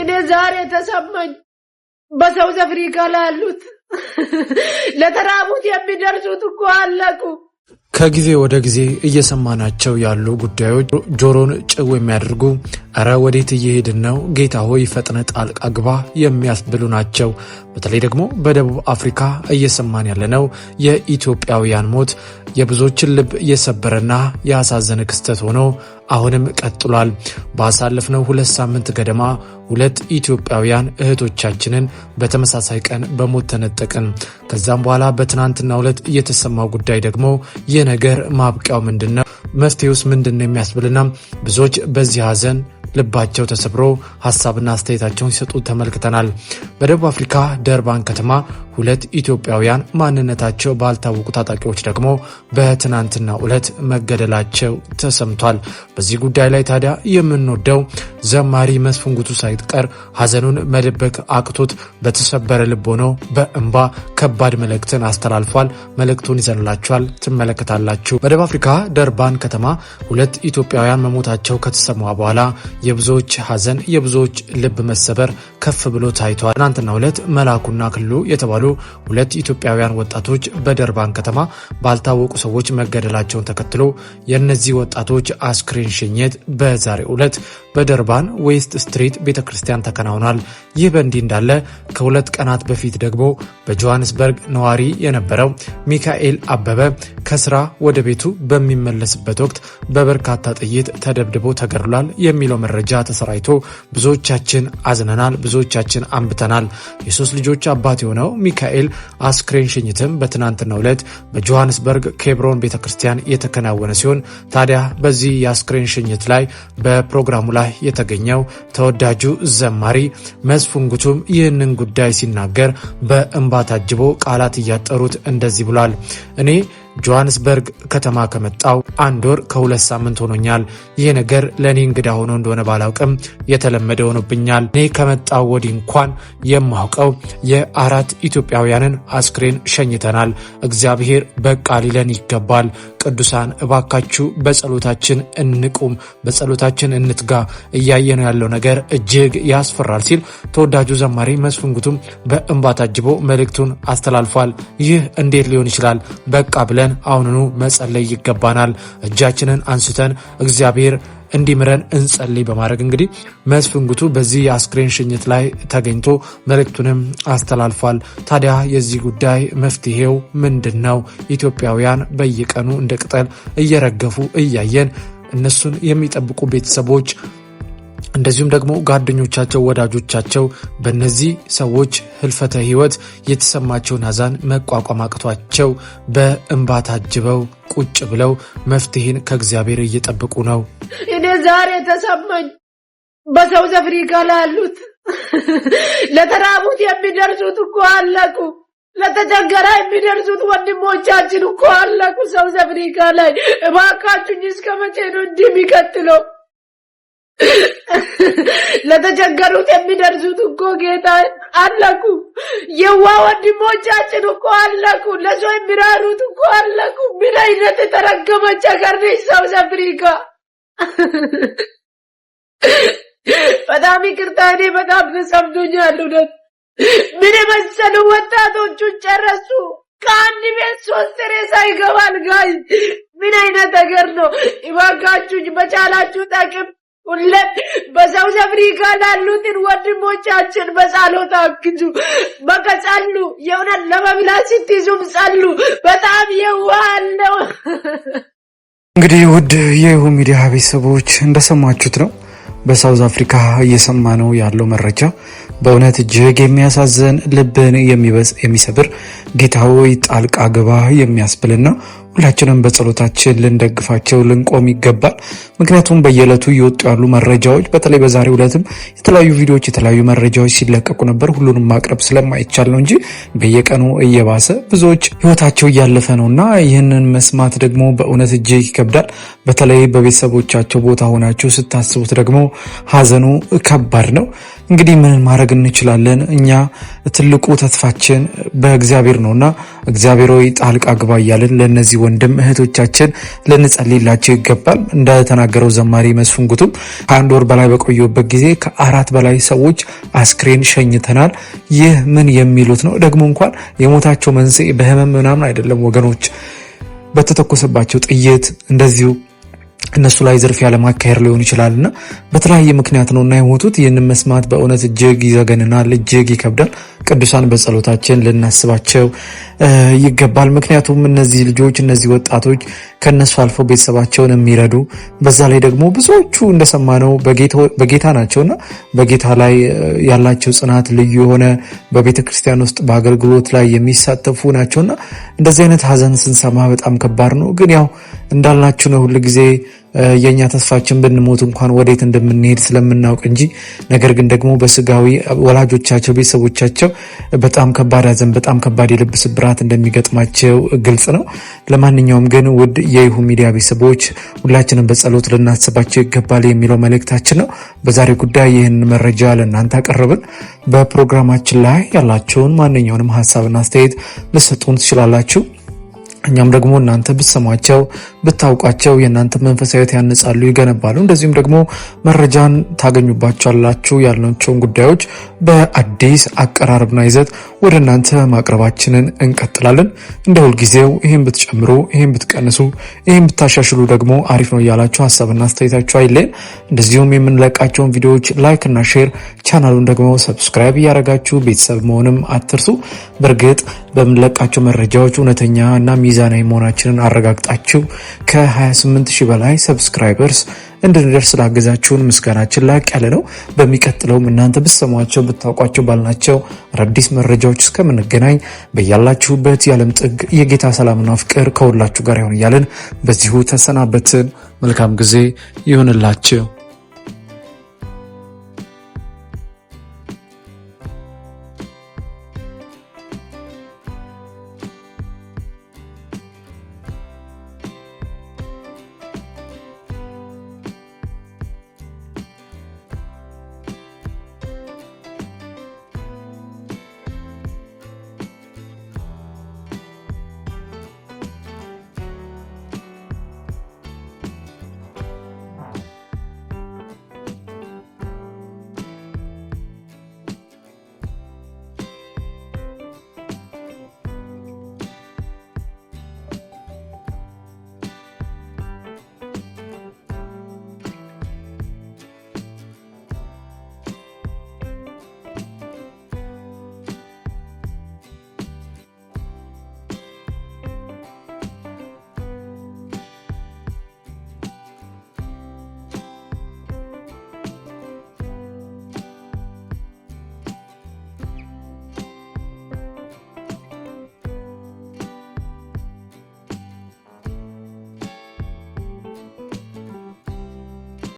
እኔ ዛሬ ተሰማኝ። በሰው አፍሪካ ላይ ለተራቡት የሚደርሱት እኮ አለቁ። ከጊዜ ወደ ጊዜ እየሰማናቸው ያሉ ጉዳዮች ጆሮን ጭው የሚያደርጉ እረ ወዴት እየሄድን ነው? ጌታ ሆይ ፈጥነ ጣልቃ ግባ የሚያስብሉ ናቸው። በተለይ ደግሞ በደቡብ አፍሪካ እየሰማን ያለነው የኢትዮጵያውያን ሞት የብዙዎችን ልብ የሰበረና ያሳዘነ ክስተት ሆኖ አሁንም ቀጥሏል። ባሳለፍነው ሁለት ሳምንት ገደማ ሁለት ኢትዮጵያውያን እህቶቻችንን በተመሳሳይ ቀን በሞት ተነጠቅን። ከዛም በኋላ በትናንትናው ዕለት የተሰማው ጉዳይ ደግሞ ነገር ማብቂያው ምንድን ነው? መፍትሄውስ ምንድን ነው የሚያስብልና ብዙዎች በዚህ ሀዘን ልባቸው ተሰብሮ ሀሳብና አስተያየታቸውን ሲሰጡ ተመልክተናል። በደቡብ አፍሪካ ደርባን ከተማ ሁለት ኢትዮጵያውያን ማንነታቸው ባልታወቁ ታጣቂዎች ደግሞ በትናንትናው ዕለት መገደላቸው ተሰምቷል። በዚህ ጉዳይ ላይ ታዲያ የምንወደው ዘማሪ መስፍን ጉቱ ሳይቀር ሀዘኑን መደበቅ አቅቶት በተሰበረ ልብ ሆኖ በእንባ ከባድ መልእክትን አስተላልፏል። መልእክቱን ይዘንላችኋል፣ ትመለከታላችሁ። በደቡብ አፍሪካ ደርባን ከተማ ሁለት ኢትዮጵያውያን መሞታቸው ከተሰማ በኋላ የብዙዎች ሐዘን፣ የብዙዎች ልብ መሰበር ከፍ ብሎ ታይቷል። ትናንትና ሁለት መላኩና ክልሉ የተባሉ ሁለት ኢትዮጵያውያን ወጣቶች በደርባን ከተማ ባልታወቁ ሰዎች መገደላቸውን ተከትሎ የእነዚህ ወጣቶች አስክሬን ሽኘት በዛሬ ዕለት በደርባን ዌስት ስትሪት ቤተ ክርስቲያን ተከናውኗል። ይህ በእንዲህ እንዳለ ከሁለት ቀናት በፊት ደግሞ በጆሃንስበርግ ነዋሪ የነበረው ሚካኤል አበበ ከስራ ወደ ቤቱ በሚመለስበት ወቅት በበርካታ ጥይት ተደብድቦ ተገድሏል የሚለው መረጃ ተሰራይቶ ብዙዎቻችን አዝነናል። ብዙዎቻችን አንብተናል። የሶስት ልጆች አባት የሆነው ሚካኤል አስክሬን ሽኝትም በትናንትናው ዕለት በጆሃንስበርግ ኬብሮን ቤተ ክርስቲያን የተከናወነ ሲሆን ታዲያ በዚህ የአስክሬን ሽኝት ላይ በፕሮግራሙ ላይ የተገኘው ተወዳጁ ዘማሪ መስፍን ጉቱም ይህንን ጉዳይ ሲናገር በእንባ ታጅቦ ቃላት እያጠሩት እንደዚህ ብሏል። እኔ ጆሃንስበርግ ከተማ ከመጣው አንድ ወር ከሁለት ሳምንት ሆኖኛል። ይህ ነገር ለእኔ እንግዳ ሆኖ እንደሆነ ባላውቅም የተለመደ ሆኖብኛል። እኔ ከመጣው ወዲህ እንኳን የማውቀው የአራት ኢትዮጵያውያንን አስክሬን ሸኝተናል። እግዚአብሔር በቃ ሊለን ይገባል። ቅዱሳን እባካችሁ በጸሎታችን እንቁም፣ በጸሎታችን እንትጋ። እያየነው ያለው ነገር እጅግ ያስፈራል ሲል ተወዳጁ ዘማሪ መስፍን ጉቱም በእንባ ታጅቦ መልእክቱን አስተላልፏል። ይህ እንዴት ሊሆን ይችላል? በቃ ብለን አሁንኑ መጸለይ ይገባናል። እጃችንን አንስተን እግዚአብሔር እንዲምረን እንጸልይ በማድረግ እንግዲህ መስፍን ጉቱ በዚህ የአስክሬን ሽኝት ላይ ተገኝቶ መልእክቱንም አስተላልፏል። ታዲያ የዚህ ጉዳይ መፍትሄው ምንድን ነው? ኢትዮጵያውያን በየቀኑ እንደ ቅጠል እየረገፉ እያየን እነሱን የሚጠብቁ ቤተሰቦች እንደዚሁም ደግሞ ጓደኞቻቸው፣ ወዳጆቻቸው በእነዚህ ሰዎች ህልፈተ ህይወት የተሰማቸውን ሀዘን መቋቋም አቅቷቸው በእንባ ታጅበው ቁጭ ብለው መፍትሄን ከእግዚአብሔር እየጠበቁ ነው። እኔ ዛሬ ተሰማኝ። በሳውዝ አፍሪካ ላሉት ለተራቡት የሚደርሱት እኮ አለቁ። ለተቸገራ የሚደርሱት ወንድሞቻችን እኮ አለቁ። ሳውዝ አፍሪካ ላይ እባካችሁኝ፣ እስከ መቼ ነው እንዲህ የሚቀጥለው? ለተቸገሩት የሚደርሱት እኮ ጌታ አለኩ። የዋ ወንድሞቻችን እኮ አለኩ። ለሰው የሚራሩት እኮ አለኩ። ምን አይነት የተረገመች ሀገር ነች ሳውዝ አፍሪካ! በጣም ይቅርታ፣ እኔ በጣም ተሰምቶኛል። እውነት ምን የመሰሉ ወጣቶቹን ጨረሱ። ከአንድ ቤት ሶስት ሬሳ ይገባል። ጋይ ምን አይነት ነገር ነው? እባካችሁ በቻላችሁ ጠቅም ሁለት በሳውዝ አፍሪካ ላሉትን ወንድሞቻችን በጸሎት አግዙ። በቃ ጸሉ፣ የእውነት ለመብላት ስትይዙም ጸሉ። በጣም ነው። እንግዲህ ውድ የኢሁ ሚዲያ ቤተሰቦች እንደሰማችሁት ነው። በሳውዝ አፍሪካ እየሰማ ነው ያለው መረጃ በእውነት እጅግ የሚያሳዝን ልብን የሚሰብር ጌታ ሆይ ጣልቃ ግባ ነው። ሁላችንም በጸሎታችን ልንደግፋቸው ልንቆም ይገባል። ምክንያቱም በየዕለቱ እየወጡ ያሉ መረጃዎች በተለይ በዛሬው ዕለትም የተለያዩ ቪዲዮዎች፣ የተለያዩ መረጃዎች ሲለቀቁ ነበር። ሁሉንም ማቅረብ ስለማይቻል ነው እንጂ በየቀኑ እየባሰ ብዙዎች ህይወታቸው እያለፈ ነው እና ይህንን መስማት ደግሞ በእውነት እጅግ ይከብዳል። በተለይ በቤተሰቦቻቸው ቦታ ሆናችሁ ስታስቡት ደግሞ ሀዘኑ ከባድ ነው። እንግዲህ ምን ማድረግ እንችላለን። እኛ ትልቁ ተስፋችን በእግዚአብሔር ነውና እግዚአብሔር ሆይ ጣልቃ ግባ ለእነዚህ ወንድም እህቶቻችን ልንጸልይላቸው ይገባል። እንደተናገረው ዘማሪ መስፍን ጉቱም ከአንድ ወር በላይ በቆየበት ጊዜ ከአራት በላይ ሰዎች አስክሬን ሸኝተናል። ይህ ምን የሚሉት ነው? ደግሞ እንኳን የሞታቸው መንስኤ በህመም ምናምን አይደለም ወገኖች በተተኮሰባቸው ጥይት እንደዚሁ እነሱ ላይ ዝርፊያ ለማካሄድ ሊሆን ይችላል እና በተለያየ ምክንያት ነው እና የሞቱት። ይህንን መስማት በእውነት እጅግ ይዘገንናል፣ እጅግ ይከብዳል። ቅዱሳን በጸሎታችን ልናስባቸው ይገባል። ምክንያቱም እነዚህ ልጆች እነዚህ ወጣቶች ከነሱ አልፎ ቤተሰባቸውን የሚረዱ በዛ ላይ ደግሞ ብዙዎቹ እንደሰማነው በጌታ ናቸውና በጌታ ላይ ያላቸው ጽናት ልዩ የሆነ በቤተ ክርስቲያን ውስጥ በአገልግሎት ላይ የሚሳተፉ ናቸውና እንደዚህ አይነት ሀዘን ስንሰማ በጣም ከባድ ነው ግን ያው እንዳልናችሁ ነው ሁል ጊዜ የእኛ ተስፋችን ብንሞት እንኳን ወዴት እንደምንሄድ ስለምናውቅ እንጂ ነገር ግን ደግሞ በስጋዊ ወላጆቻቸው፣ ቤተሰቦቻቸው በጣም ከባድ ሐዘን፣ በጣም ከባድ የልብ ስብራት እንደሚገጥማቸው ግልጽ ነው። ለማንኛውም ግን ውድ የይሁ ሚዲያ ቤተሰቦች ሁላችንም በጸሎት ልናስባቸው ይገባል የሚለው መልእክታችን ነው። በዛሬ ጉዳይ ይህን መረጃ ለእናንተ አቀረብን። በፕሮግራማችን ላይ ያላቸውን ማንኛውንም ሀሳብና አስተያየት ልሰጡን ትችላላችሁ። እኛም ደግሞ እናንተ ብትሰማቸው ብታውቋቸው የእናንተ መንፈሳዊት ያነጻሉ፣ ይገነባሉ። እንደዚሁም ደግሞ መረጃን ታገኙባቸዋላችሁ ያልናቸውን ጉዳዮች በአዲስ አቀራረብና ይዘት ወደ እናንተ ማቅረባችንን እንቀጥላለን። እንደ ሁልጊዜው ይህን ብትጨምሩ፣ ይህም ብትቀንሱ፣ ይህም ብታሻሽሉ ደግሞ አሪፍ ነው እያላችሁ ሀሳብና አስተያየታችሁ አይለን። እንደዚሁም የምንለቃቸውን ቪዲዮዎች ላይክ እና ሼር፣ ቻናሉን ደግሞ ሰብስክራይብ እያደረጋችሁ ቤተሰብ መሆንም አትርሱ። በእርግጥ በምንለቃቸው መረጃዎች እውነተኛ እና ሚዛናዊ መሆናችንን አረጋግጣችሁ ከ28 ሺህ በላይ ሰብስክራይበርስ እንድንደርስ ስላገዛችሁን ምስጋናችን ላቅ ያለ ነው። በሚቀጥለውም እናንተ ብትሰሟቸው ብታውቋቸው ባልናቸው አዳዲስ መረጃዎች እስከምንገናኝ በያላችሁበት የዓለም ጥግ የጌታ ሰላምና ፍቅር ከሁላችሁ ጋር ይሆን እያለን በዚሁ ተሰናበትን። መልካም ጊዜ ይሁንላችሁ።